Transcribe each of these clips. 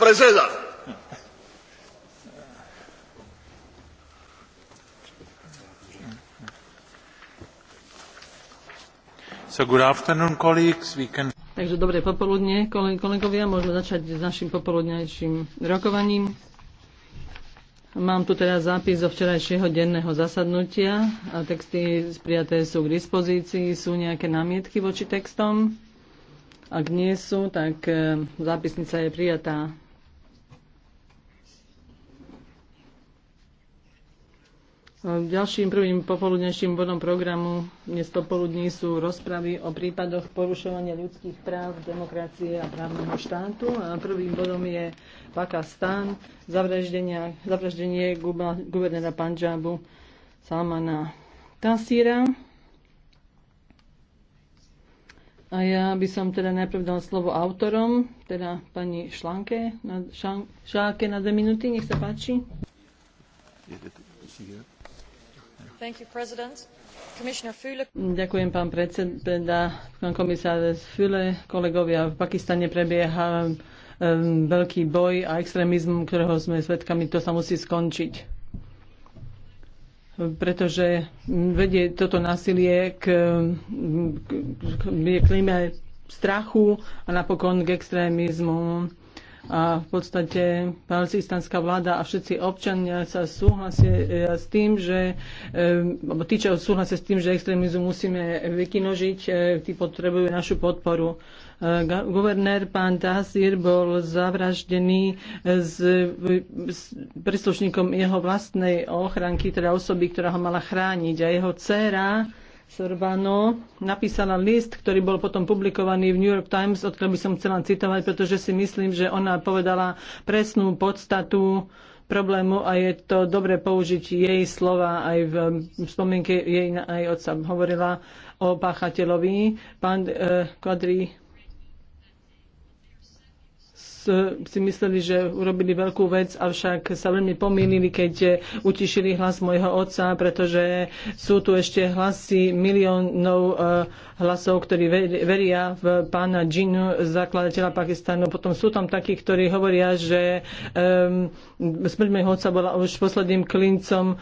prezeda. So good afternoon, colleagues. We can... Takže dobré popoludne, kolegovia. Môžeme začať s našim popoludnejším rokovaním. Mám tu teraz zápis zo včerajšieho denného zasadnutia. A texty prijaté sú k dispozícii. Sú nejaké námietky voči textom? Ak nie sú, tak e, zápisnica je prijatá. Ďalším prvým popoludnejším bodom programu dnes popoludní sú rozpravy o prípadoch porušovania ľudských práv, demokracie a právneho štátu. A prvým bodom je Pakistan, zavraždenie guvernéra Panžabu Salmana Tasíra. A ja by som teda najprv dal slovo autorom, teda pani Šlanke, na, šan, Šáke na dve minúty, nech sa páči. Thank you, President. Ďakujem, pán predseda, pán komisár Füle, kolegovia. V Pakistane prebieha um, veľký boj a extrémizm, ktorého sme svedkami, to sa musí skončiť pretože vedie toto násilie k, k, k klíme strachu a napokon k extrémizmu. A v podstate palestínska vláda a všetci občania sa súhlasia e, s tým, že e, alebo tí, čo súhlasia s tým, že extrémizmu musíme vykinožiť, e, tí potrebujú našu podporu. Eh, guvernér pán Tasir bol zavraždený s, eh, s príslušníkom jeho vlastnej ochranky, teda osoby, ktorá ho mala chrániť. A jeho dcéra Sorbano napísala list, ktorý bol potom publikovaný v New York Times, odkiaľ by som chcela citovať, pretože si myslím, že ona povedala presnú podstatu problému a je to dobre použiť jej slova aj v spomienke jej aj otca. Hovorila o páchateľovi. Pán eh, Kvadri E, si mysleli, že urobili veľkú vec, avšak sa veľmi pomýlili, keď utišili hlas mojho otca, pretože sú tu ešte hlasy miliónov e, hlasov, ktorí veria v pána Džinu, zakladateľa Pakistanu. Potom sú tam takí, ktorí hovoria, že um, smrť mojho otca bola už posledným klincom um,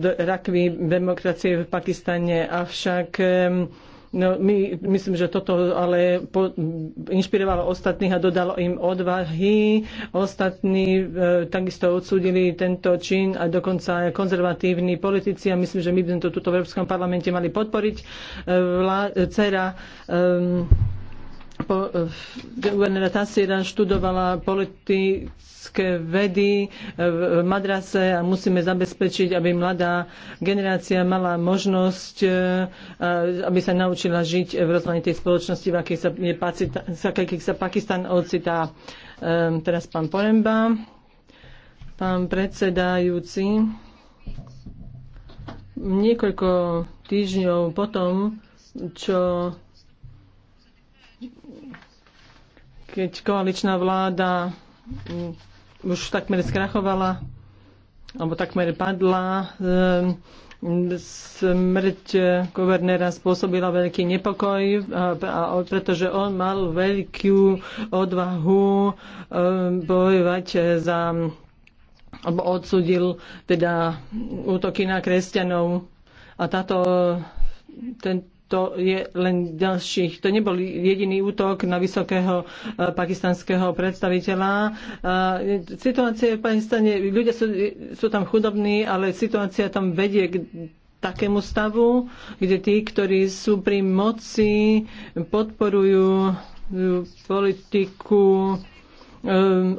rakvy demokracie v Pakistane. Avšak um, No, my, myslím, že toto ale po, inšpirovalo ostatných a dodalo im odvahy. Ostatní e, takisto odsúdili tento čin a dokonca aj konzervatívni politici a myslím, že my by sme to tuto v Európskom parlamente mali podporiť. E, vlá, e, dcera, e, po, eh, guvernéra študovala politické vedy eh, v Madrase a musíme zabezpečiť, aby mladá generácia mala možnosť, eh, aby sa naučila žiť v rozmanitej spoločnosti, v akých sa, je, v sa Pakistan ocitá. Ehm, teraz pán Poremba, pán predsedajúci. Niekoľko týždňov potom, čo keď koaličná vláda mm, už takmer skrachovala, alebo takmer padla, ehm, smrť eh, guvernéra spôsobila veľký nepokoj, pretože on mal veľkú odvahu ehm, bojovať eh, za alebo odsudil teda útoky na kresťanov. A táto, ten, to je len ďalších. To nebol jediný útok na vysokého e, pakistanského predstaviteľa. E, situácia v Pakistane, ľudia sú, sú tam chudobní, ale situácia tam vedie k takému stavu, kde tí, ktorí sú pri moci, podporujú e, politiku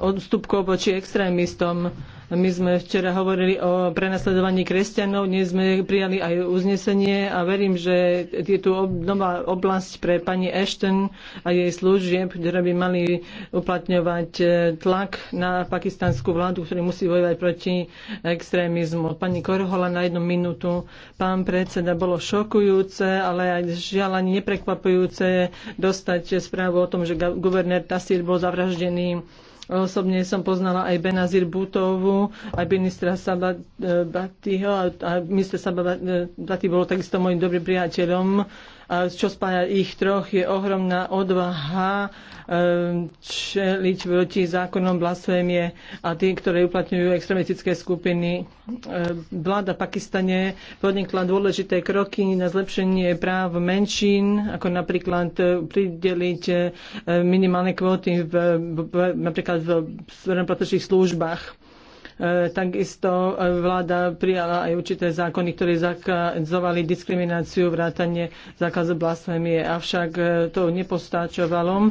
odstupkov voči extrémistom. My sme včera hovorili o prenasledovaní kresťanov, dnes sme prijali aj uznesenie a verím, že je tu nová oblasť pre pani Ashton a jej služieb, ktoré by mali uplatňovať e, tlak na pakistanskú vládu, ktorý musí bojovať proti extrémizmu. Pani Korhola na jednu minútu. Pán predseda, bolo šokujúce, ale aj žiaľ ani neprekvapujúce dostať správu o tom, že guvernér Tasír bol zavraždený Osobne som poznala aj Benazir Butovu, aj ministra Sabatiho e, a minister Sabatiho e, bolo takisto môjim dobrým priateľom a čo spája ich troch, je ohromná odvaha e, čeliť proti zákonom blasfémie a tým, ktoré uplatňujú extremistické skupiny. E, vláda Pakistane podnikla dôležité kroky na zlepšenie práv menšín, ako napríklad prideliť e, minimálne kvóty v, v, napríklad v verejnoprotečných službách. E, takisto e, vláda prijala aj určité zákony, ktoré zakazovali diskrimináciu, vrátanie zákazu blasfémie. Avšak e, to nepostáčovalo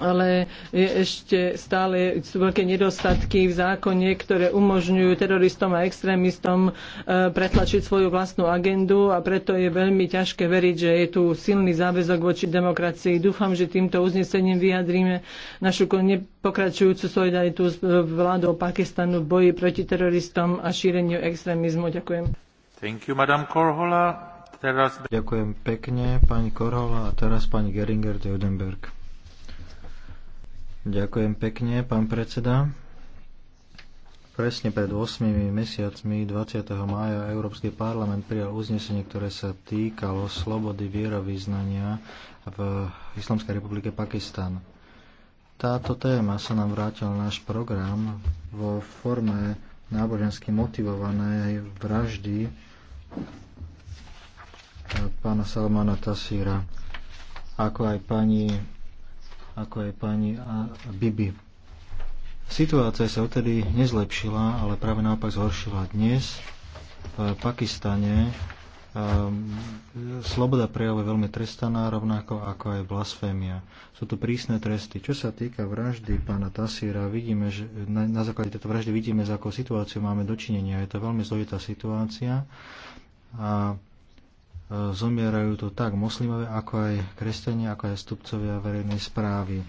ale ešte stále sú veľké nedostatky v zákone, ktoré umožňujú teroristom a extrémistom e, pretlačiť svoju vlastnú agendu a preto je veľmi ťažké veriť, že je tu silný záväzok voči demokracii. Dúfam, že týmto uznesením vyjadríme našu nepokračujúcu solidaritu s vládou Pakistanu v boji proti teroristom a šíreniu extrémizmu. Ďakujem. Thank you, Madam Korhola. Teraz... Ďakujem pekne, pani Korhola. A teraz pani Geringer de Udenberg. Ďakujem pekne, pán predseda. Presne pred 8 mesiacmi 20. mája Európsky parlament prijal uznesenie, ktoré sa týkalo slobody vierovýznania v Islamskej republike Pakistan. Táto téma sa nám vrátila náš program vo forme nábožensky motivovanej vraždy pána Salmana Tasíra, ako aj pani ako aj pani Bibi. Situácia sa odtedy nezlepšila, ale práve naopak zhoršila. Dnes v Pakistane ehm, sloboda prejavu je veľmi trestaná, rovnako ako aj blasfémia. Sú tu prísne tresty. Čo sa týka vraždy pána Tasíra, vidíme, že na, na základe tejto vraždy vidíme, za akou situáciu máme dočinenia. Je to veľmi zložitá situácia a zomierajú tu tak moslimové, ako aj kresťania, ako aj stupcovia verejnej správy.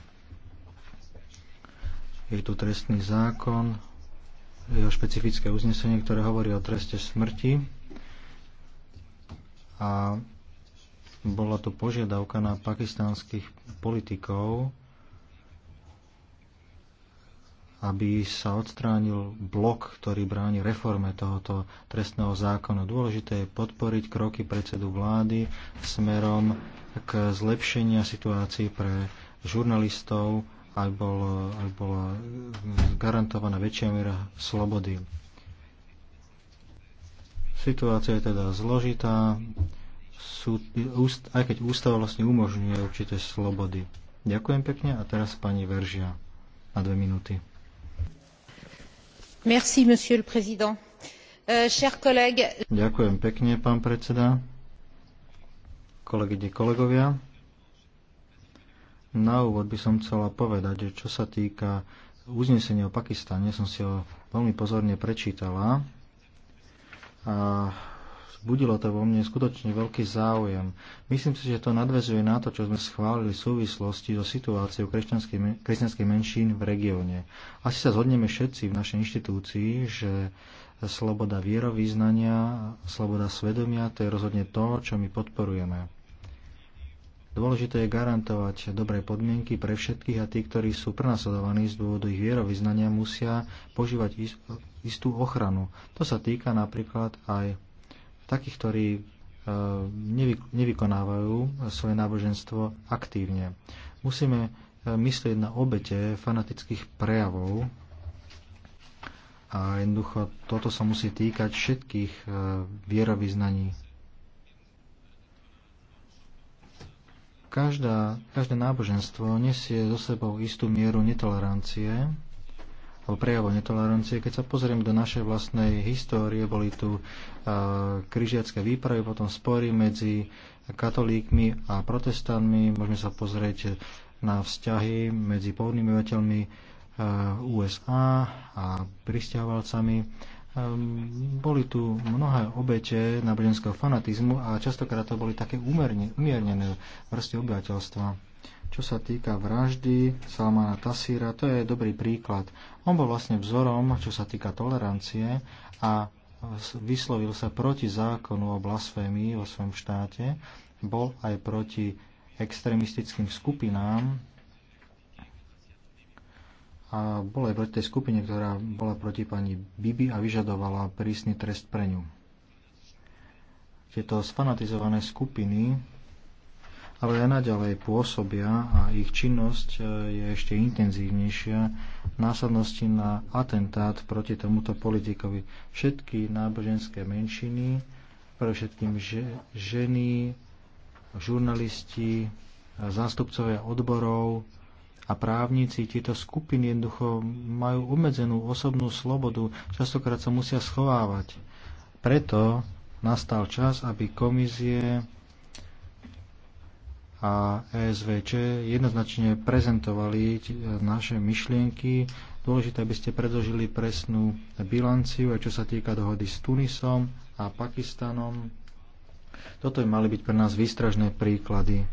Je tu trestný zákon, jeho špecifické uznesenie, ktoré hovorí o treste smrti a bola tu požiadavka na pakistánskych politikov, aby sa odstránil blok, ktorý bráni reforme tohoto trestného zákona. Dôležité je podporiť kroky predsedu vlády smerom k zlepšenia situácií pre žurnalistov, aj, bol, aj bola garantovaná väčšia miera slobody. Situácia je teda zložitá, sú, úst, aj keď ústava vlastne umožňuje určité slobody. Ďakujem pekne a teraz pani Veržia na dve minúty monsieur le président. Euh, chers collègues... Ďakujem pekne, pán predseda. Kolegyne, kolegovia. Na úvod by som chcela povedať, že čo sa týka uznesenia o Pakistane, som si ho veľmi pozorne prečítala. A Vzbudilo to vo mne skutočne veľký záujem. Myslím si, že to nadvezuje na to, čo sme schválili v súvislosti so situáciou kresťanských menšín v regióne. Asi sa zhodneme všetci v našej inštitúcii, že sloboda vierovýznania, sloboda svedomia, to je rozhodne to, čo my podporujeme. Dôležité je garantovať dobré podmienky pre všetkých a tí, ktorí sú prenasledovaní z dôvodu ich vierovýznania, musia požívať istú ochranu. To sa týka napríklad aj takých, ktorí e, nevykonávajú svoje náboženstvo aktívne. Musíme e, myslieť na obete fanatických prejavov a jednoducho toto sa musí týkať všetkých e, vierovýznaní. Každá, každé náboženstvo nesie so sebou istú mieru netolerancie bol prejavo netolerancie. Keď sa pozriem do našej vlastnej histórie, boli tu e, križiacké výpravy, potom spory medzi katolíkmi a protestantmi. Môžeme sa pozrieť na vzťahy medzi pôvodnými obyvateľmi e, USA a pristahovalcami. E, boli tu mnohé obete náboženského fanatizmu a častokrát to boli také umiernené vrsty obyvateľstva. Čo sa týka vraždy Salmana Tasíra, to je dobrý príklad. On bol vlastne vzorom, čo sa týka tolerancie a vyslovil sa proti zákonu o blasfémii vo svojom štáte, bol aj proti extrémistickým skupinám a bol aj proti tej skupine, ktorá bola proti pani Bibi a vyžadovala prísny trest pre ňu. Tieto sfanatizované skupiny ale aj naďalej pôsobia a ich činnosť e, je ešte intenzívnejšia v následnosti na atentát proti tomuto politikovi. Všetky náboženské menšiny, pre všetkým ženy, žurnalisti, zástupcovia odborov a právnici, tieto skupiny jednoducho majú obmedzenú osobnú slobodu, častokrát sa musia schovávať. Preto nastal čas, aby komisie a ESVČ jednoznačne prezentovali naše myšlienky. Dôležité, aby ste predložili presnú bilanciu, aj čo sa týka dohody s Tunisom a Pakistanom. Toto by mali byť pre nás výstražné príklady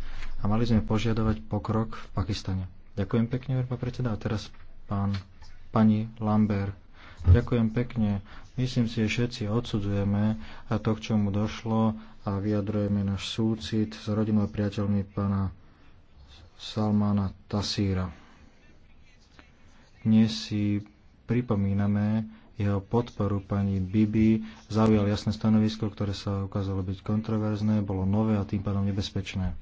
a mali sme požiadovať pokrok v Pakistane. Ďakujem pekne, verba predseda. A teraz pán, pani Lambert. Ďakujem pekne. Myslím si, že všetci odsudzujeme to, k čomu došlo a vyjadrujeme náš súcit s rodinou a priateľmi pána Salmana Tasíra. Dnes si pripomíname jeho podporu pani Bibi, zaujal jasné stanovisko, ktoré sa ukázalo byť kontroverzné, bolo nové a tým pádom nebezpečné.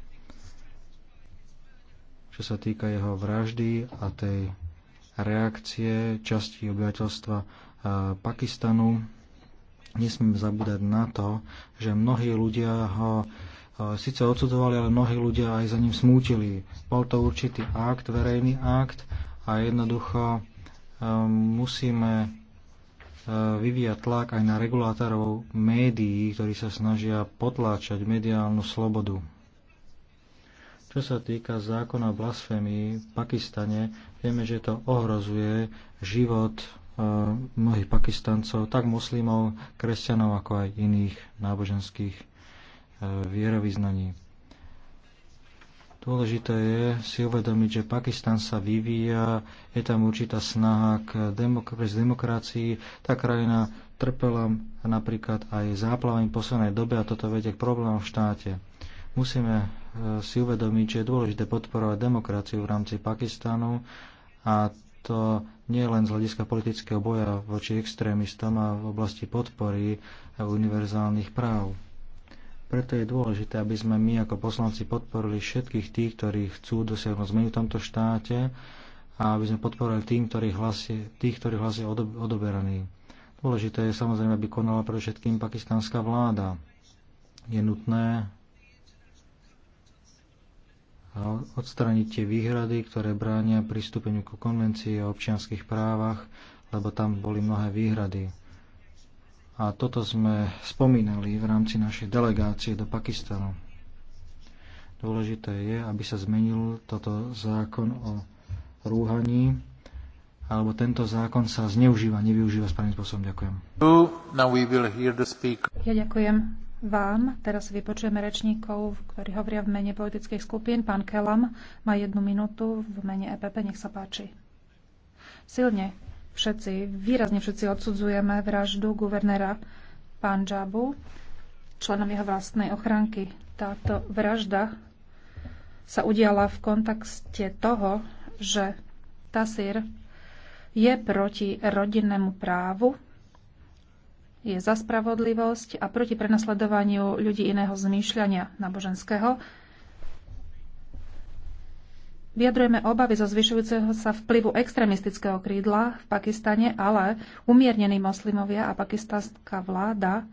Čo sa týka jeho vraždy a tej reakcie časti obyvateľstva Pakistanu, nesmieme zabúdať na to, že mnohí ľudia ho e, síce odsudzovali, ale mnohí ľudia aj za ním smútili. Bol to určitý akt, verejný akt a jednoducho e, musíme e, vyvíjať tlak aj na regulátorov médií, ktorí sa snažia potláčať mediálnu slobodu. Čo sa týka zákona blasfémii v Pakistane, vieme, že to ohrozuje život mnohých Pakistancov, tak muslimov, kresťanov, ako aj iných náboženských e, vierovýznaní. Dôležité je si uvedomiť, že Pakistan sa vyvíja, je tam určitá snaha k demok- demokracii. Tá krajina trpela napríklad aj záplavami poslednej dobe a toto vedie k problémom v štáte. Musíme e, si uvedomiť, že je dôležité podporovať demokraciu v rámci Pakistanu a to nie len z hľadiska politického boja voči extrémistom a v oblasti podpory a univerzálnych práv. Preto je dôležité, aby sme my ako poslanci podporili všetkých tých, ktorí chcú dosiahnuť zmenu v tomto štáte a aby sme podporili tým, ktorí hlasie, tých, ktorí hlasia odoberaní. Dôležité je samozrejme, aby konala všetkým pakistánska vláda. Je nutné a odstrániť tie výhrady, ktoré bránia pristúpeniu ku konvencii o občianských právach, lebo tam boli mnohé výhrady. A toto sme spomínali v rámci našej delegácie do Pakistanu. Dôležité je, aby sa zmenil toto zákon o rúhaní, alebo tento zákon sa zneužíva, nevyužíva správnym spôsobom. Ďakujem. Ja ďakujem vám. Teraz vypočujeme rečníkov, ktorí hovoria v mene politických skupín. Pán Kelam má jednu minútu v mene EPP. Nech sa páči. Silne všetci, výrazne všetci odsudzujeme vraždu guvernéra Džabu, členom jeho vlastnej ochranky. Táto vražda sa udiala v kontexte toho, že Tasir je proti rodinnému právu je za spravodlivosť a proti prenasledovaniu ľudí iného zmýšľania náboženského. Vyjadrujeme obavy zo zvyšujúceho sa vplyvu extremistického krídla v Pakistane, ale umiernení moslimovia a pakistánska vláda,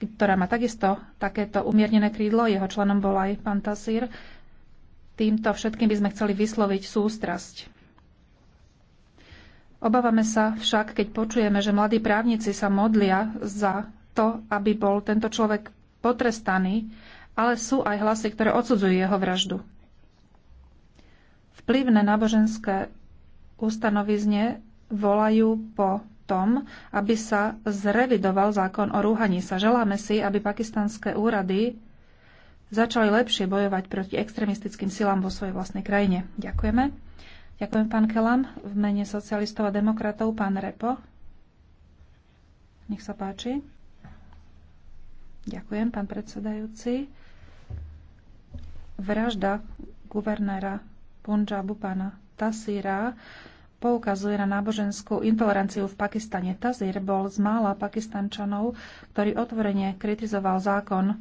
ktorá má takisto takéto umiernené krídlo, jeho členom bol aj pán Tasír, týmto všetkým by sme chceli vysloviť sústrasť. Obávame sa však, keď počujeme, že mladí právnici sa modlia za to, aby bol tento človek potrestaný, ale sú aj hlasy, ktoré odsudzujú jeho vraždu. Vplyvné náboženské ustanovizne volajú po tom, aby sa zrevidoval zákon o rúhaní sa. Želáme si, aby pakistanské úrady začali lepšie bojovať proti extremistickým silám vo svojej vlastnej krajine. Ďakujeme. Ďakujem, pán Kelan. V mene socialistov a demokratov, pán Repo. Nech sa páči. Ďakujem, pán predsedajúci. Vražda guvernéra Punjabu, pána Tasíra, poukazuje na náboženskú intoleranciu v Pakistane. Tazir bol z mála pakistančanov, ktorý otvorene kritizoval zákon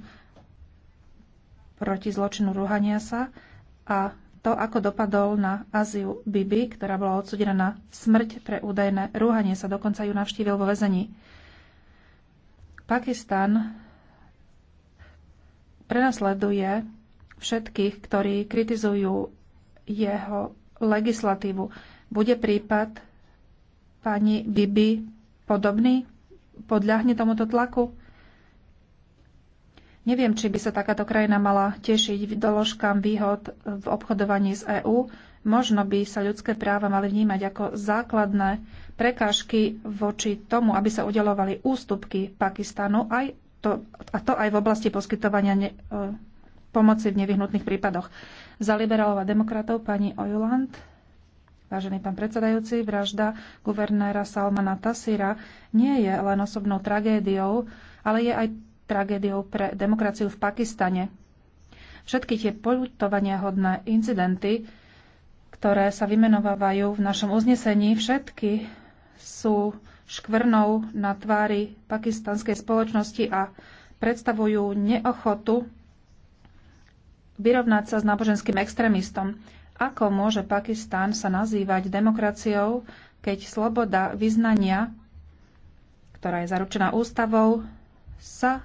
proti zločinu rúhania sa a to, ako dopadol na Aziu Bibi, ktorá bola odsudená na smrť pre údajné rúhanie, sa dokonca ju navštívil vo väzení. Pakistan prenasleduje všetkých, ktorí kritizujú jeho legislatívu. Bude prípad pani Bibi podobný? Podľahne tomuto tlaku? Neviem, či by sa takáto krajina mala tešiť doložkám výhod v obchodovaní z EÚ. Možno by sa ľudské práva mali vnímať ako základné prekážky voči tomu, aby sa udelovali ústupky Pakistanu aj to, a to aj v oblasti poskytovania ne, e, pomoci v nevyhnutných prípadoch. Za liberálov a demokratov pani Ojuland. Vážený pán predsedajúci, vražda guvernéra Salmana Tasira nie je len osobnou tragédiou, ale je aj tragédiou pre demokraciu v Pakistane. Všetky tie poľutovania hodné incidenty, ktoré sa vymenovávajú v našom uznesení, všetky sú škvrnou na tvári pakistanskej spoločnosti a predstavujú neochotu vyrovnať sa s náboženským extrémistom. Ako môže Pakistan sa nazývať demokraciou, keď sloboda vyznania, ktorá je zaručená ústavou, sa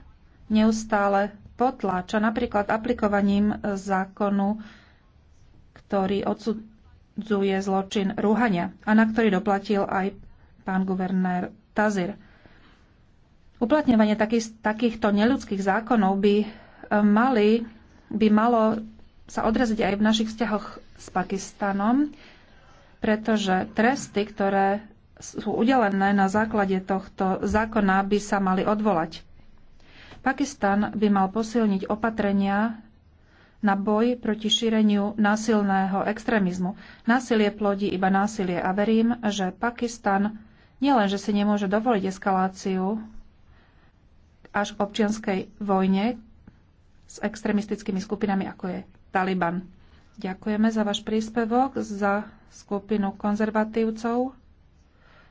neustále potláča napríklad aplikovaním zákonu, ktorý odsudzuje zločin rúhania a na ktorý doplatil aj pán guvernér Tazir. Uplatňovanie takých, takýchto neľudských zákonov by, eh, mali, by malo sa odraziť aj v našich vzťahoch s Pakistanom, pretože tresty, ktoré sú udelené na základe tohto zákona, by sa mali odvolať. Pakistan by mal posilniť opatrenia na boj proti šíreniu násilného extrémizmu. Násilie plodí iba násilie a verím, že Pakistan nielenže si nemôže dovoliť eskaláciu až k občianskej vojne s extrémistickými skupinami, ako je Taliban. Ďakujeme za váš príspevok za skupinu konzervatívcov.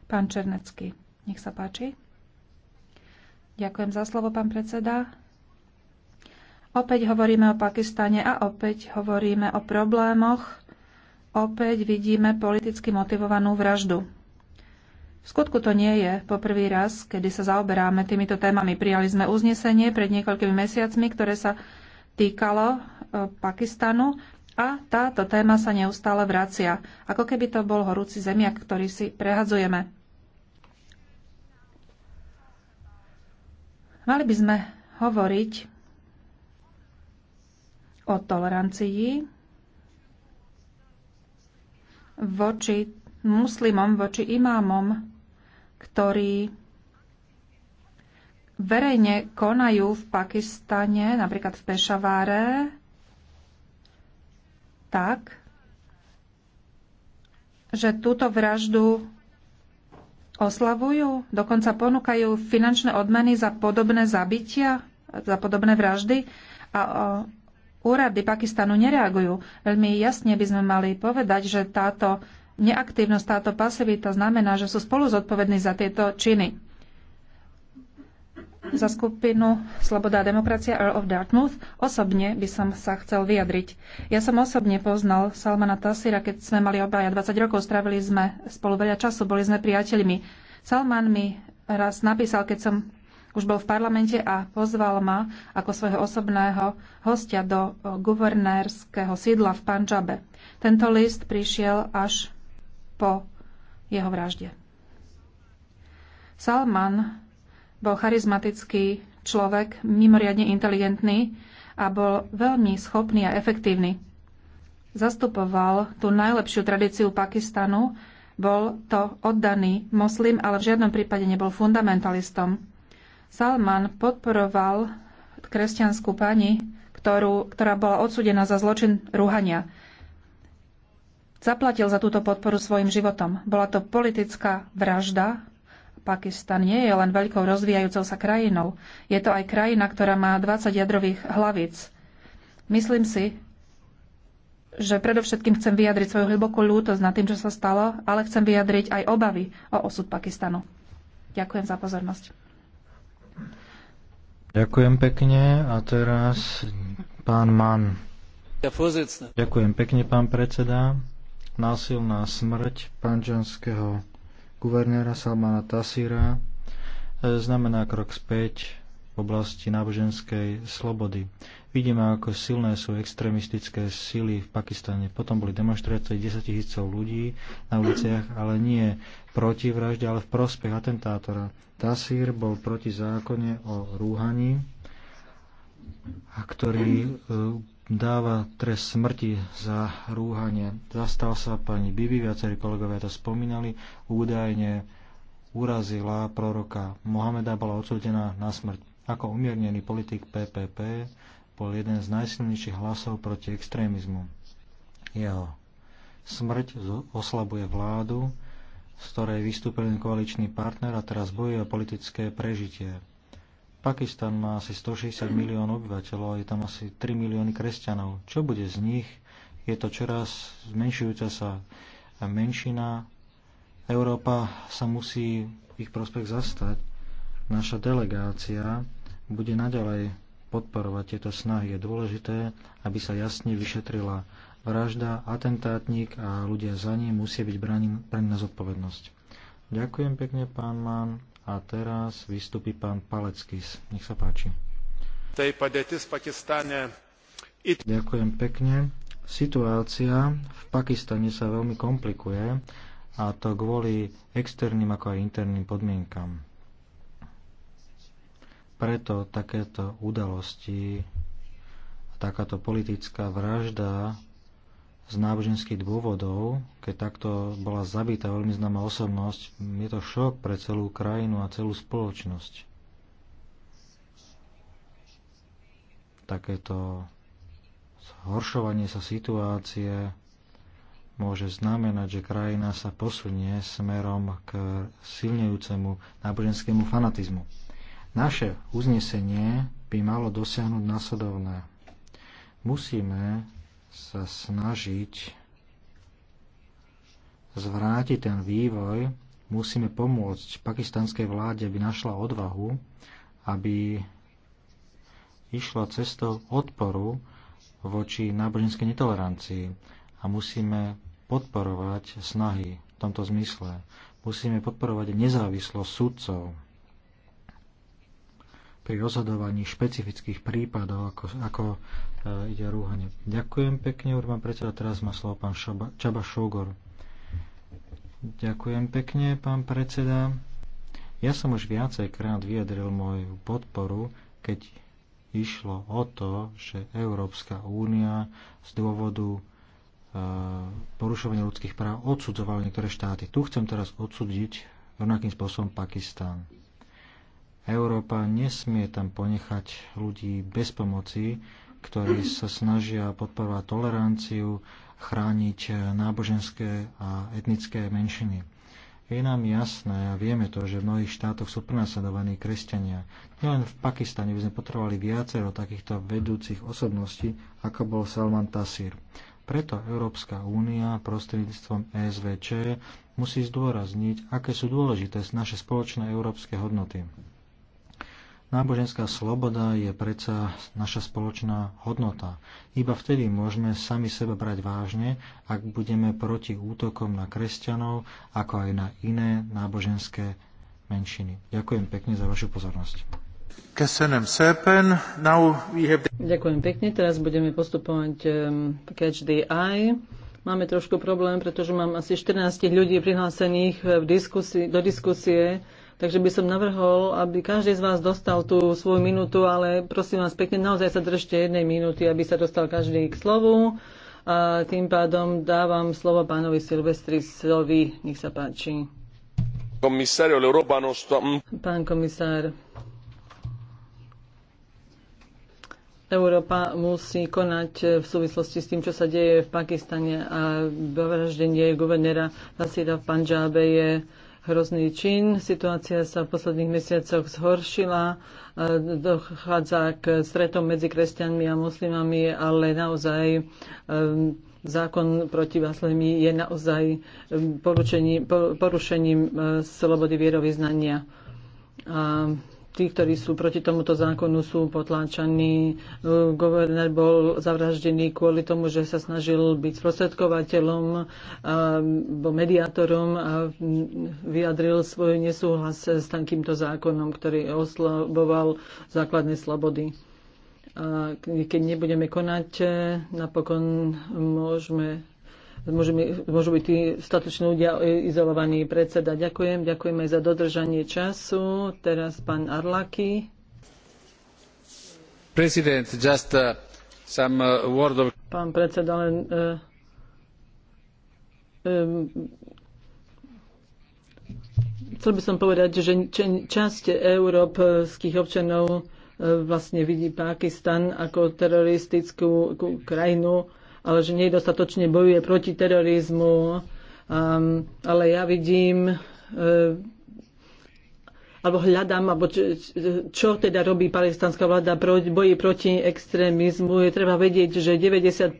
Pán Černecký, nech sa páči. Ďakujem za slovo, pán predseda. Opäť hovoríme o Pakistane a opäť hovoríme o problémoch. Opäť vidíme politicky motivovanú vraždu. V skutku to nie je poprvý raz, kedy sa zaoberáme týmito témami. Prijali sme uznesenie pred niekoľkými mesiacmi, ktoré sa týkalo e, Pakistanu a táto téma sa neustále vracia, ako keby to bol horúci zemiak, ktorý si prehadzujeme. Mali by sme hovoriť o tolerancii voči muslimom, voči imámom, ktorí verejne konajú v Pakistane, napríklad v Pešaváre, tak, že túto vraždu oslavujú, dokonca ponúkajú finančné odmeny za podobné zabitia, za podobné vraždy a úrady Pakistanu nereagujú. Veľmi jasne by sme mali povedať, že táto neaktívnosť, táto pasivita znamená, že sú spolu zodpovední za tieto činy za skupinu Sloboda a demokracia Earl of Dartmouth. Osobne by som sa chcel vyjadriť. Ja som osobne poznal Salmana Tasira, keď sme mali obaja 20 rokov, strávili sme spolu veľa času, boli sme priateľmi. Salman mi raz napísal, keď som už bol v parlamente a pozval ma ako svojho osobného hostia do guvernérskeho sídla v Panžabe. Tento list prišiel až po jeho vražde. Salman bol charizmatický človek, mimoriadne inteligentný a bol veľmi schopný a efektívny. Zastupoval tú najlepšiu tradíciu Pakistanu, bol to oddaný moslim, ale v žiadnom prípade nebol fundamentalistom. Salman podporoval kresťanskú pani, ktorú, ktorá bola odsudená za zločin rúhania. Zaplatil za túto podporu svojim životom. Bola to politická vražda, Pakistan nie je len veľkou rozvíjajúcou sa krajinou. Je to aj krajina, ktorá má 20 jadrových hlavíc. Myslím si, že predovšetkým chcem vyjadriť svoju hlbokú ľútosť nad tým, čo sa stalo, ale chcem vyjadriť aj obavy o osud Pakistanu. Ďakujem za pozornosť. Ďakujem pekne a teraz pán Mann. Ďakujem pekne, pán predseda. Násilná smrť panžanského guvernéra Salmana Tasira e, znamená krok späť v oblasti náboženskej slobody. Vidíme, ako silné sú extrémistické sily v Pakistane. Potom boli demonstrácie 10 tisícov ľudí na uliciach, ale nie proti vražde, ale v prospech atentátora. Tasír bol proti zákone o rúhaní, a ktorý e, dáva trest smrti za rúhanie. Zastal sa pani Bibi, viacerí kolegovia to spomínali, údajne urazila proroka Mohameda, bola odsúdená na smrť. Ako umiernený politik PPP bol jeden z najsilnejších hlasov proti extrémizmu. Jeho smrť oslabuje vládu, z ktorej vystúpil koaličný partner a teraz bojuje o politické prežitie. Pakistan má asi 160 miliónov obyvateľov, je tam asi 3 milióny kresťanov. Čo bude z nich? Je to čoraz zmenšujúca sa menšina. Európa sa musí ich prospech zastať. Naša delegácia bude naďalej podporovať tieto snahy. Je dôležité, aby sa jasne vyšetrila vražda, atentátnik a ľudia za ním musia byť braní na zodpovednosť. Ďakujem pekne, pán Mann. A teraz vystupí pán Paleckis. Nech sa páči. Ďakujem pekne. Situácia v Pakistane sa veľmi komplikuje a to kvôli externým ako aj interným podmienkam. Preto takéto udalosti, takáto politická vražda z náboženských dôvodov, keď takto bola zabitá veľmi známa osobnosť, je to šok pre celú krajinu a celú spoločnosť. Takéto zhoršovanie sa situácie môže znamenať, že krajina sa posunie smerom k silnejúcemu náboženskému fanatizmu. Naše uznesenie by malo dosiahnuť následovné. Musíme sa snažiť zvrátiť ten vývoj, musíme pomôcť pakistanskej vláde, aby našla odvahu, aby išla cestou odporu voči náboženskej netolerancii a musíme podporovať snahy v tomto zmysle. Musíme podporovať nezávislosť sudcov pri rozhodovaní špecifických prípadov, ako, ako e, ide rúhanie. Ďakujem pekne, urban predseda. Teraz má slovo pán Šaba, Čaba Šogor. Ďakujem pekne, pán predseda. Ja som už viacejkrát vyjadril moju podporu, keď išlo o to, že Európska únia z dôvodu e, porušovania ľudských práv odsudzovala niektoré štáty. Tu chcem teraz odsúdiť rovnakým spôsobom Pakistán. Európa nesmie tam ponechať ľudí bez pomoci, ktorí sa snažia podporovať toleranciu, chrániť náboženské a etnické menšiny. Je nám jasné a vieme to, že v mnohých štátoch sú prenasledovaní kresťania. Nielen v Pakistane by sme potrebovali viacero takýchto vedúcich osobností, ako bol Salman Tasir. Preto Európska únia prostredníctvom ESVČ musí zdôrazniť, aké sú dôležité naše spoločné európske hodnoty. Náboženská sloboda je predsa naša spoločná hodnota. Iba vtedy môžeme sami seba brať vážne, ak budeme proti útokom na kresťanov, ako aj na iné náboženské menšiny. Ďakujem pekne za vašu pozornosť. Ďakujem pekne. Teraz budeme postupovať ehm, catch the eye. Máme trošku problém, pretože mám asi 14 ľudí prihlásených v diskusi- do diskusie. Takže by som navrhol, aby každý z vás dostal tú svoju minútu, ale prosím vás pekne, naozaj sa držte jednej minúty, aby sa dostal každý k slovu. A tým pádom dávam slovo pánovi Silvestrisovi. Nech sa páči. Mm. Pán komisár, Európa musí konať v súvislosti s tým, čo sa deje v Pakistane a vraždenie guvernéra Nasira v Panžábe je hrozný čin. Situácia sa v posledných mesiacoch zhoršila, e, dochádza k stretom medzi kresťanmi a muslimami, ale naozaj e, zákon proti vaslemi je naozaj e, porušením, porušením slobody vierovýznania. A tí, ktorí sú proti tomuto zákonu, sú potláčaní. Eh, Governor bol zavraždený kvôli tomu, že sa snažil byť sprostredkovateľom, eh, mediátorom a vyjadril svoj nesúhlas s takýmto zákonom, ktorý oslaboval základné slobody. A keď nebudeme konať, eh, napokon môžeme môžu, môžu byť tí statoční ľudia izolovaní predseda. Ďakujem, ďakujem aj za dodržanie času. Teraz pán Arlaki. President, just uh, some uh, word of... Pán predseda, len uh, um, chcel by som povedať, že časť európskych občanov uh, vlastne vidí Pakistan ako teroristickú krajinu, ale že nedostatočne bojuje proti terorizmu. Um, ale ja vidím, e, alebo hľadám, alebo čo, čo teda robí palestínska vláda pro, boji proti extrémizmu. Je treba vedieť, že 90%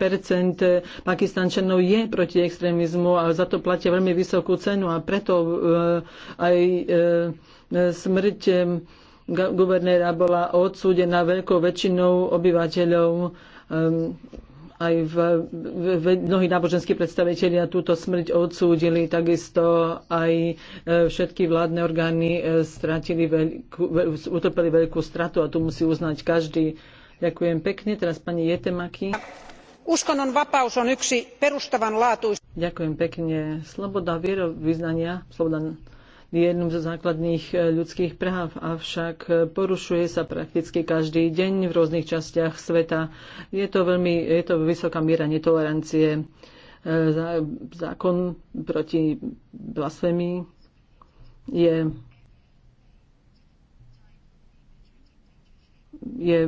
pakistančanov je proti extrémizmu a za to platia veľmi vysokú cenu a preto e, aj e, smrť guvernéra bola odsúdená veľkou väčšinou obyvateľov aj v, v, v, mnohí náboženskí predstavitelia túto smrť odsúdili, takisto aj e, všetky vládne orgány e, stratili veľkú, utrpeli veľkú stratu a tu musí uznať každý. Ďakujem pekne. Teraz pani Jetemaki. Uskonnon vapaus on yksi perustavanlaatuista. Ďakujem pekne. Sloboda vierovýznania, sloboda jedným zo základných e, ľudských práv, avšak e, porušuje sa prakticky každý deň v rôznych častiach sveta. Je to veľmi je to vysoká miera netolerancie. E, zákon proti blasfémii je je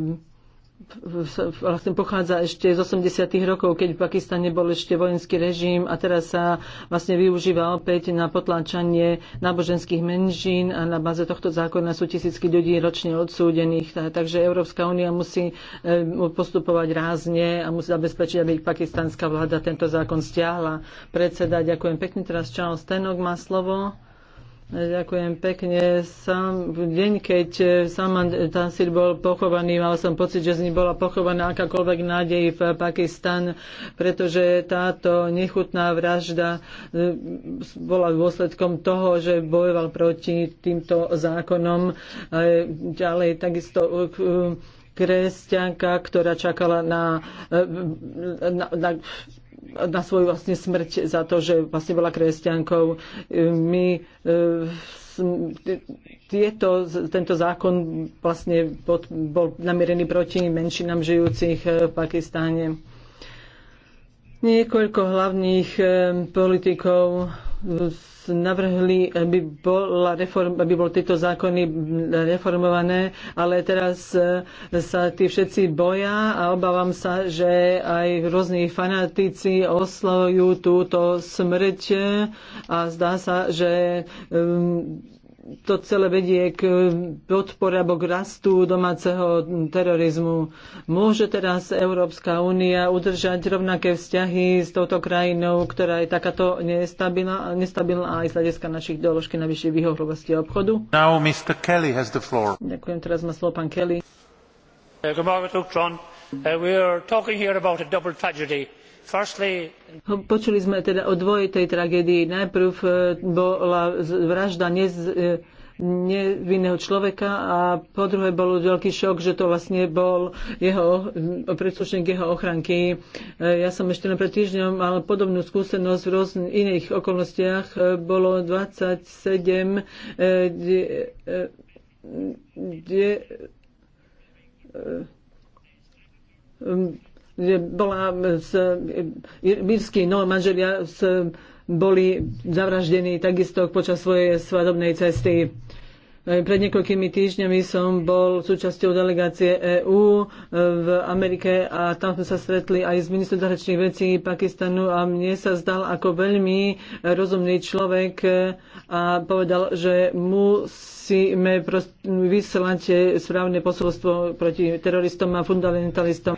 vlastne pochádza ešte z 80. rokov, keď v Pakistane bol ešte vojenský režim a teraz sa vlastne využíva opäť na potláčanie náboženských menšín a na báze tohto zákona sú tisícky ľudí ročne odsúdených. Takže Európska únia musí eh, postupovať rázne a musí zabezpečiť, aby pakistánska vláda tento zákon stiahla. Predseda, ďakujem pekne. Teraz Charles Tenok má slovo. Ďakujem pekne. Sam, v deň, keď e, Salman Tansir bol pochovaný, mal som pocit, že z ní bola pochovaná akákoľvek nádej v Pakistan, pretože táto nechutná vražda e, bola dôsledkom toho, že bojoval proti týmto zákonom. E, ďalej takisto kresťanka, ktorá čakala na, na, na na svoju vlastne smrť za to, že vlastne bola kresťankou. My e, tieto, tento zákon vlastne bol namierený proti menšinám žijúcich e, v Pakistáne. Niekoľko hlavných e, politikov navrhli, aby, bola reform, aby bol tieto zákony reformované, ale teraz e, sa tí všetci boja a obávam sa, že aj rôzni fanatici oslavujú túto smrť a zdá sa, že um, to celé vedie k podpore alebo k rastu domáceho terorizmu. Môže teraz Európska únia udržať rovnaké vzťahy s touto krajinou, ktorá je takáto nestabilná, nestabilná aj z hľadiska našich doložky na vyššej výhovorovosti obchodu? Now Mr. Kelly has the floor. Ďakujem, teraz má slovo pán Kelly. Uh, we are talking here about a double tragedy. Počuli sme teda o dvojitej tragédii. Najprv e, bola vražda nez, e, nevinného človeka a po druhé bol veľký šok, že to vlastne bol jeho e, predslušník jeho ochranky. Ja som ešte len pred týždňom mal podobnú skúsenosť v rôznych iných okolnostiach. Bolo 27 die, die, bola z írsky no, manželia z, boli zavraždení takisto počas svojej svadobnej cesty. E, pred niekoľkými týždňami som bol súčasťou delegácie EÚ e, v Amerike a tam sme sa stretli aj s ministrom zahraničných vecí Pakistanu a mne sa zdal ako veľmi rozumný človek e, a povedal, že musíme vyslať správne posolstvo proti teroristom a fundamentalistom.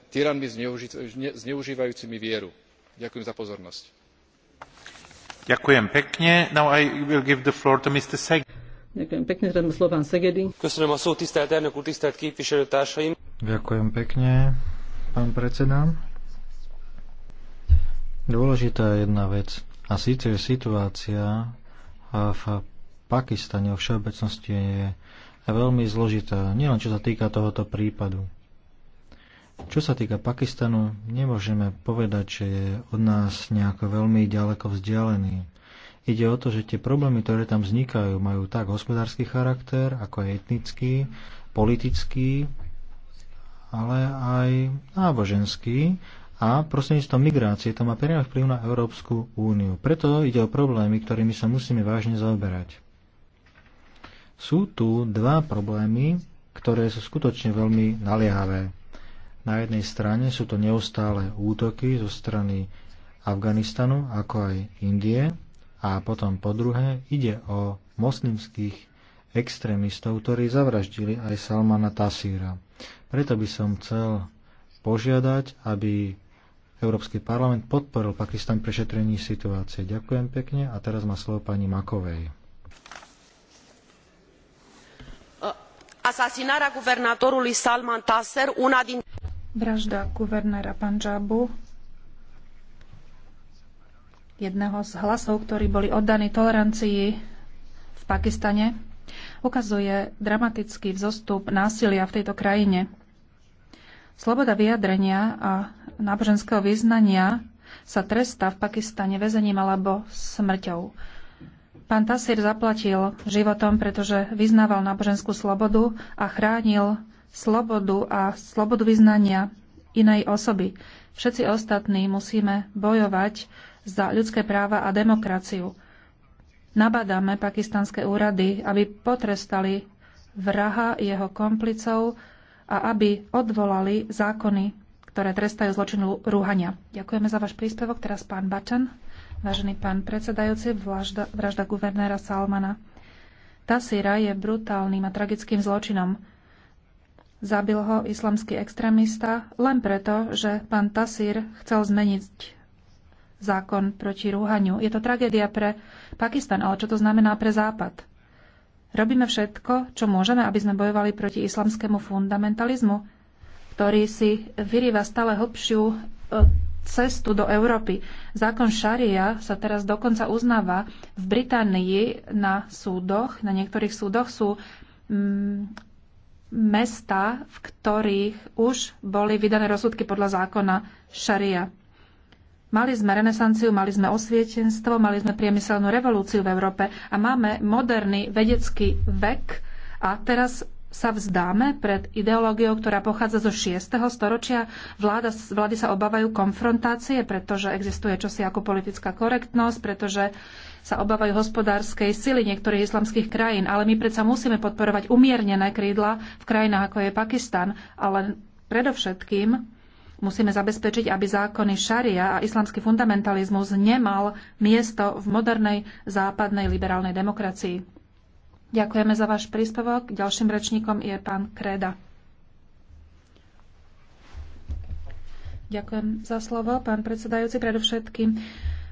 tyranmi zneužívajúcimi vieru. ďakujem za pozornosť. Ďakujem pekne. Ďakujem pekne, pán predseda. Dôležitá je jedna vec, a síce je situácia v Pakistane vo všeobecnosti je veľmi zložitá, nielen čo sa týka tohoto prípadu. Čo sa týka Pakistanu, nemôžeme povedať, že je od nás nejako veľmi ďaleko vzdialený. Ide o to, že tie problémy, ktoré tam vznikajú, majú tak hospodársky charakter, ako aj etnický, politický, ale aj náboženský a prostredníctvom migrácie to má priamy vplyv na Európsku úniu. Preto ide o problémy, ktorými sa musíme vážne zaoberať. Sú tu dva problémy, ktoré sú skutočne veľmi naliehavé. Na jednej strane sú to neustále útoky zo strany Afganistanu, ako aj Indie, a potom po druhé ide o moslimských extrémistov, ktorí zavraždili aj Salmana Tasíra. Preto by som chcel požiadať, aby Európsky parlament podporil Pakistan prešetrení šetrení situácie. Ďakujem pekne a teraz má slovo pani Makovej. Asasinarea guvernatorului Salman Taser, una din... Vražda guvernéra Panžabu, jedného z hlasov, ktorí boli oddaní tolerancii v Pakistane, ukazuje dramatický vzostup násilia v tejto krajine. Sloboda vyjadrenia a náboženského vyznania sa trestá v Pakistane väzením alebo smrťou. Pán Tasir zaplatil životom, pretože vyznával náboženskú slobodu a chránil slobodu a slobodu vyznania inej osoby. Všetci ostatní musíme bojovať za ľudské práva a demokraciu. Nabadáme pakistanské úrady, aby potrestali vraha jeho komplicov a aby odvolali zákony, ktoré trestajú zločinu rúhania. Ďakujeme za váš príspevok. Teraz pán Bačan, vážený pán predsedajúci, vražda, vražda guvernéra Salmana. Tasira je brutálnym a tragickým zločinom Zabil ho islamský extrémista len preto, že pán Tasir chcel zmeniť zákon proti rúhaniu. Je to tragédia pre Pakistan, ale čo to znamená pre Západ? Robíme všetko, čo môžeme, aby sme bojovali proti islamskému fundamentalizmu, ktorý si vyrýva stále hlbšiu e, cestu do Európy. Zákon šaria sa teraz dokonca uznáva. V Británii na súdoch, na niektorých súdoch sú mm, mesta, v ktorých už boli vydané rozsudky podľa zákona šaria. Mali sme renesanciu, mali sme osvietenstvo, mali sme priemyselnú revolúciu v Európe a máme moderný vedecký vek a teraz sa vzdáme pred ideológiou, ktorá pochádza zo 6. storočia. Vláda, vlády sa obávajú konfrontácie, pretože existuje čosi ako politická korektnosť, pretože sa obávajú hospodárskej sily niektorých islamských krajín, ale my predsa musíme podporovať umiernené krídla v krajinách ako je Pakistan, ale predovšetkým musíme zabezpečiť, aby zákony šaria a islamský fundamentalizmus nemal miesto v modernej západnej liberálnej demokracii. Ďakujeme za váš príspevok. Ďalším rečníkom je pán Kreda. Ďakujem za slovo, pán predsedajúci. Predovšetkým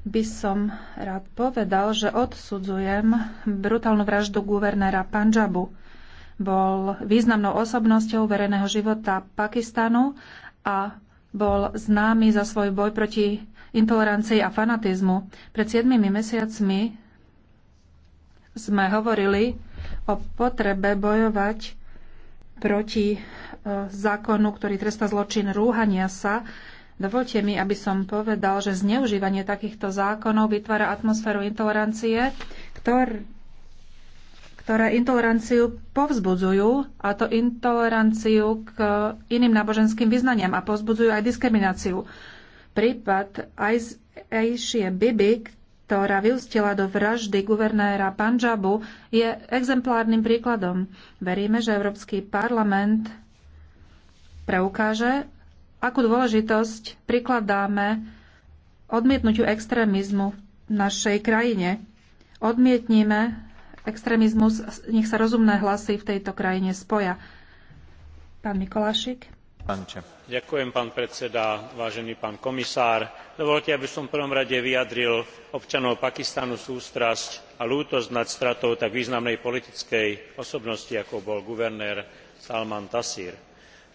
by som rád povedal, že odsudzujem brutálnu vraždu guvernéra Panžabu. Bol významnou osobnosťou verejného života Pakistanu a bol známy za svoj boj proti intolerancii a fanatizmu. Pred 7 mesiacmi sme hovorili o potrebe bojovať proti e, zákonu, ktorý trestá zločin rúhania sa Dovolte mi, aby som povedal, že zneužívanie takýchto zákonov vytvára atmosféru intolerancie, ktor, ktoré intoleranciu povzbudzujú, a to intoleranciu k iným náboženským vyznaniam a povzbudzujú aj diskrimináciu. Prípad Aishie Bibi, ktorá vyústila do vraždy guvernéra Panžabu, je exemplárnym príkladom. Veríme, že Európsky parlament preukáže, akú dôležitosť prikladáme odmietnutiu extrémizmu v našej krajine. Odmietnime extrémizmus, nech sa rozumné hlasy v tejto krajine spoja. Pán Mikolášik. Ďakujem, pán predseda, vážený pán komisár. Dovolte, aby som v prvom rade vyjadril občanov Pakistanu sústrasť a lútosť nad stratou tak významnej politickej osobnosti, ako bol guvernér Salman Tasír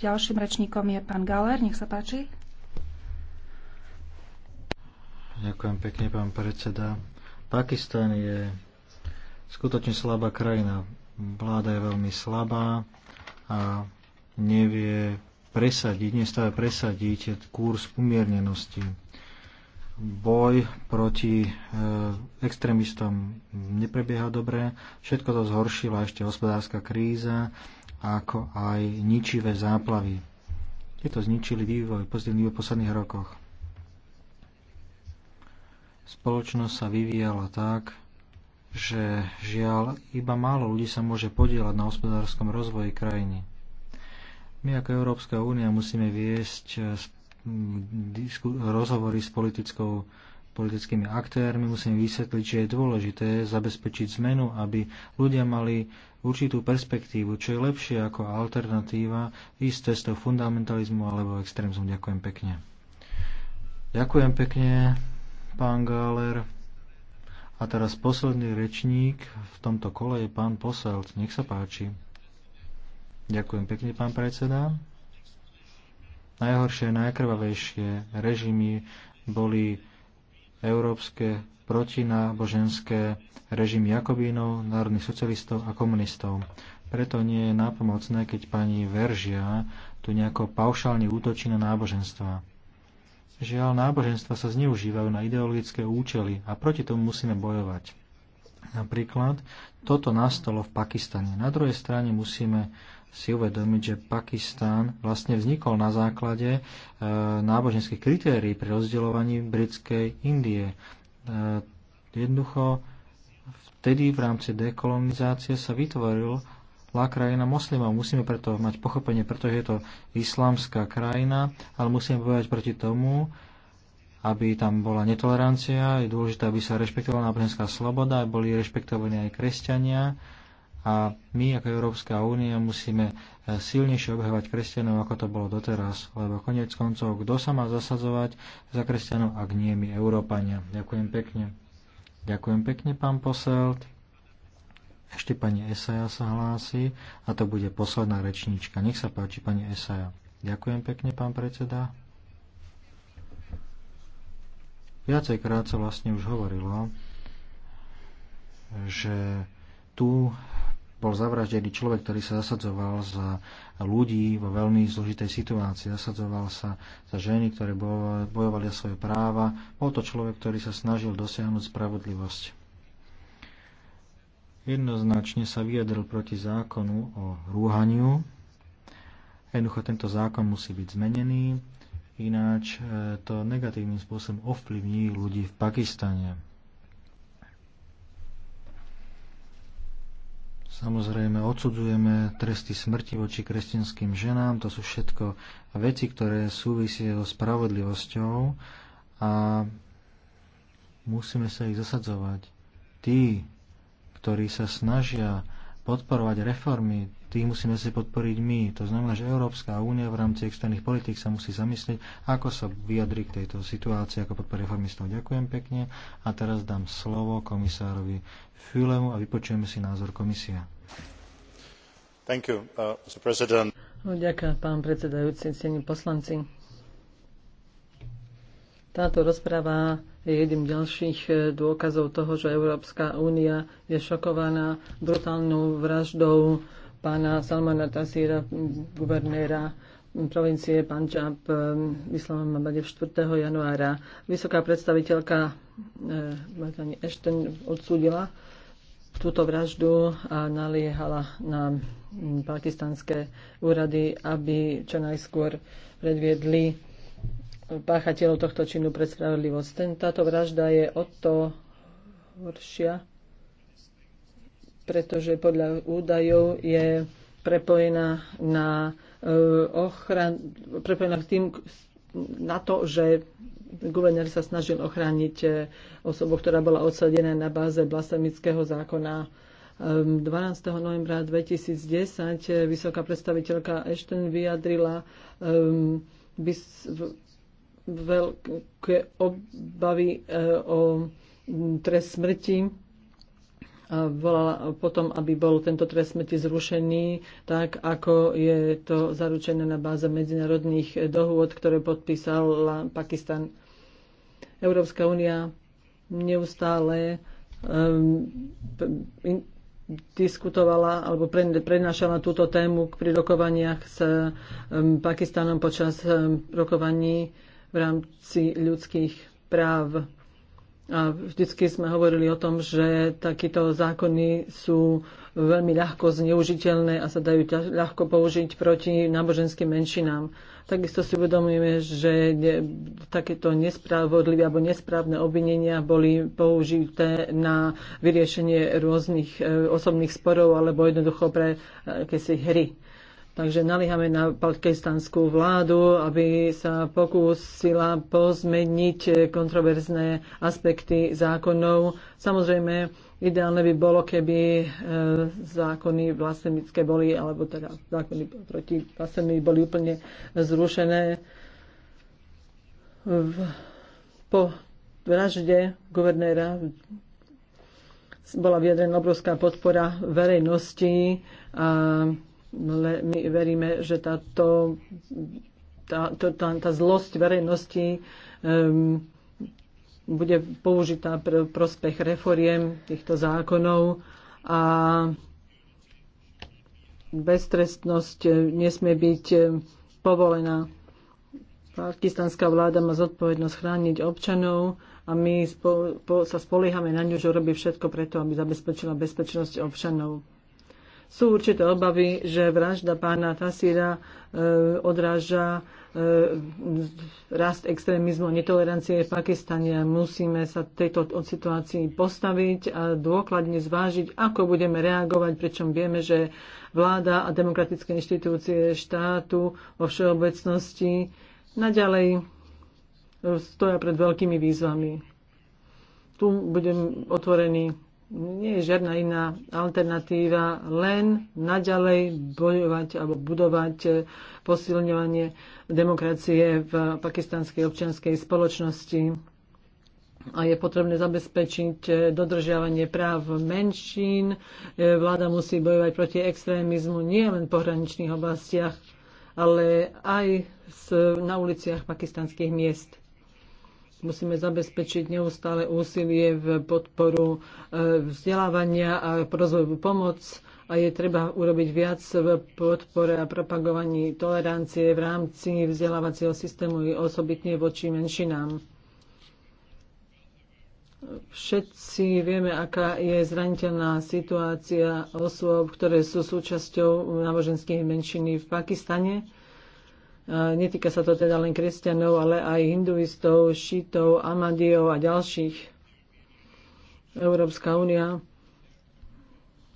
Ďalším rečníkom je pán Galer, nech sa páči. Ďakujem pekne, pán predseda. Pakistan je skutočne slabá krajina. Vláda je veľmi slabá a nevie presadiť, nestáva presadiť kurz umiernenosti. Boj proti e, extrémistom neprebieha dobre, všetko to zhoršila ešte hospodárska kríza, ako aj ničivé záplavy. Tieto zničili vývoj, pozitívny vývoj v posledných rokoch. Spoločnosť sa vyvíjala tak, že žiaľ iba málo ľudí sa môže podielať na hospodárskom rozvoji krajiny. My ako Európska únia musíme viesť mm, rozhovory s politickou politickými aktérmi, musíme vysvetliť, že je dôležité zabezpečiť zmenu, aby ľudia mali určitú perspektívu, čo je lepšie ako alternatíva ísť cestou fundamentalizmu alebo extrémizmu. Ďakujem pekne. Ďakujem pekne, pán Gáler. A teraz posledný rečník v tomto kole je pán Poselt. Nech sa páči. Ďakujem pekne, pán predseda. Najhoršie, najkrvavejšie režimy boli európske protináboženské režimy Jakobínov, národných socialistov a komunistov. Preto nie je nápomocné, keď pani Veržia tu nejako paušálne útočí na náboženstva. Žiaľ, náboženstva sa zneužívajú na ideologické účely a proti tomu musíme bojovať. Napríklad toto nastalo v Pakistane. Na druhej strane musíme si uvedomiť, že Pakistán vlastne vznikol na základe e, náboženských kritérií pri rozdeľovaní britskej Indie. E, jednoducho vtedy v rámci dekolonizácie sa vytvoril lá krajina moslimov. Musíme preto mať pochopenie, pretože je to islamská krajina, ale musíme bojovať proti tomu, aby tam bola netolerancia, je dôležité, aby sa rešpektovala náboženská sloboda, aby boli rešpektovaní aj kresťania a my ako Európska únia musíme e, silnejšie obhávať kresťanov, ako to bolo doteraz, lebo konec koncov, kto sa má zasadzovať za kresťanov, ak nie my, Európania. Ďakujem pekne. Ďakujem pekne, pán posel. Ešte pani Esaja sa hlási a to bude posledná rečníčka. Nech sa páči, pani Esaja. Ďakujem pekne, pán predseda. Viacejkrát sa vlastne už hovorilo, že tu bol zavraždený človek, ktorý sa zasadzoval za ľudí vo veľmi zložitej situácii. Zasadzoval sa za ženy, ktoré bojovali za svoje práva. Bol to človek, ktorý sa snažil dosiahnuť spravodlivosť. Jednoznačne sa vyjadril proti zákonu o rúhaniu. Jednoducho tento zákon musí byť zmenený, ináč e, to negatívnym spôsobom ovplyvní ľudí v Pakistane Samozrejme, odsudzujeme tresty smrti voči kresťanským ženám. To sú všetko veci, ktoré súvisia so spravodlivosťou a musíme sa ich zasadzovať. Tí, ktorí sa snažia podporovať reformy, tých musíme si podporiť my. To znamená, že Európska únia v rámci externých politik sa musí zamyslieť, ako sa vyjadri k tejto situácii, ako podporí reformistov. Ďakujem pekne a teraz dám slovo komisárovi Fulemu a vypočujeme si názor komisia. Thank you, uh, Mr. President. No, ďakujem, pán predsedajúci, cení poslanci. Táto rozpráva je jedným ďalších eh, dôkazov toho, že Európska únia je šokovaná brutálnou vraždou pána Salmana Tasíra, guvernéra provincie Pančab Islamabade ehm, 4. januára. Vysoká predstaviteľka pani ehm, Ešten odsúdila túto vraždu a naliehala na mm, pakistanské úrady, aby čo najskôr predviedli páchateľov tohto činu pred spravodlivosť. Táto vražda je o to horšia, pretože podľa údajov je prepojená na e, ochran, prepojená k tým, na to, že guvernér sa snažil ochrániť e, osobu, ktorá bola odsadená na báze blasemického zákona. 12. novembra 2010 e, vysoká predstaviteľka Ashton vyjadrila veľké obavy o trest smrti volala potom, aby bol tento trest smrti zrušený, tak ako je to zaručené na báze medzinárodných dohôd, ktoré podpísal Pakistan. Európska únia neustále um, diskutovala alebo prednášala túto tému pri rokovaniach s um, Pakistanom počas um, rokovaní v rámci ľudských práv. A vždycky sme hovorili o tom, že takíto zákony sú veľmi ľahko zneužiteľné a sa dajú ľahko použiť proti náboženským menšinám. Takisto si uvedomujeme, že takéto nespravodlivé alebo nesprávne obvinenia boli použité na vyriešenie rôznych e, osobných sporov alebo jednoducho pre e, akési hry. Takže nalíhame na pakistanskú vládu, aby sa pokúsila pozmeniť kontroverzné aspekty zákonov. Samozrejme, ideálne by bolo, keby e, zákony vlastnícke boli, alebo teda zákony proti vlastníctvu boli úplne zrušené. V, po vražde guvernéra bola vyjadrená obrovská podpora verejnosti a ale my veríme, že táto, tá, to, tá, tá zlosť verejnosti um, bude použitá pre prospech reforiem týchto zákonov a beztrestnosť nesmie byť povolená. Pakistanská vláda má zodpovednosť chrániť občanov a my spo, po, sa spoliehame na ňu, že robí všetko preto, aby zabezpečila bezpečnosť občanov. Sú určité obavy, že vražda pána Tasíra e, odráža e, rast extrémizmu a netolerancie v Pakistane. Musíme sa tejto od situácii postaviť a dôkladne zvážiť, ako budeme reagovať, pričom vieme, že vláda a demokratické inštitúcie štátu vo všeobecnosti naďalej e, stoja pred veľkými výzvami. Tu budem otvorený nie je žiadna iná alternatíva, len naďalej bojovať alebo budovať e, posilňovanie demokracie v pakistanskej občianskej spoločnosti. A je potrebné zabezpečiť e, dodržiavanie práv menšín. E, vláda musí bojovať proti extrémizmu nie len v pohraničných oblastiach, ale aj na uliciach pakistanských miest musíme zabezpečiť neustále úsilie v podporu e, vzdelávania a rozvojovú pomoc a je treba urobiť viac v podpore a propagovaní tolerancie v rámci vzdelávacieho systému osobitne voči menšinám. Všetci vieme, aká je zraniteľná situácia osôb, ktoré sú súčasťou náboženskej menšiny v Pakistane Netýka sa to teda len kresťanov, ale aj hinduistov, šítov, amadiov a ďalších. Európska únia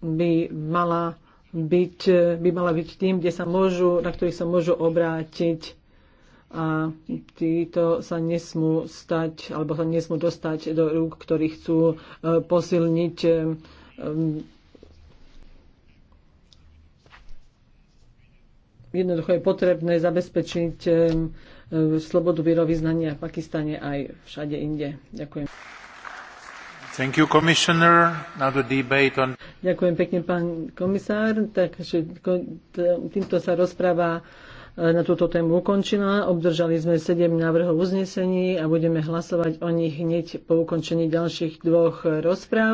by mala byť, by mala byť tým, kde sa môžu, na ktorých sa môžu obrátiť a títo sa nesmú stať alebo sa nesmú dostať do rúk, ktorí chcú e, posilniť e, jednoducho je potrebné zabezpečiť slobodu vierovýznania v Pakistane aj všade inde. Ďakujem. Thank you, Commissioner. Now the debate on... Ďakujem pekne, pán komisár. Takže týmto sa rozpráva e, na túto tému ukončila. Obdržali sme 7 návrhov uznesení a budeme hlasovať o nich hneď po ukončení ďalších dvoch rozpráv.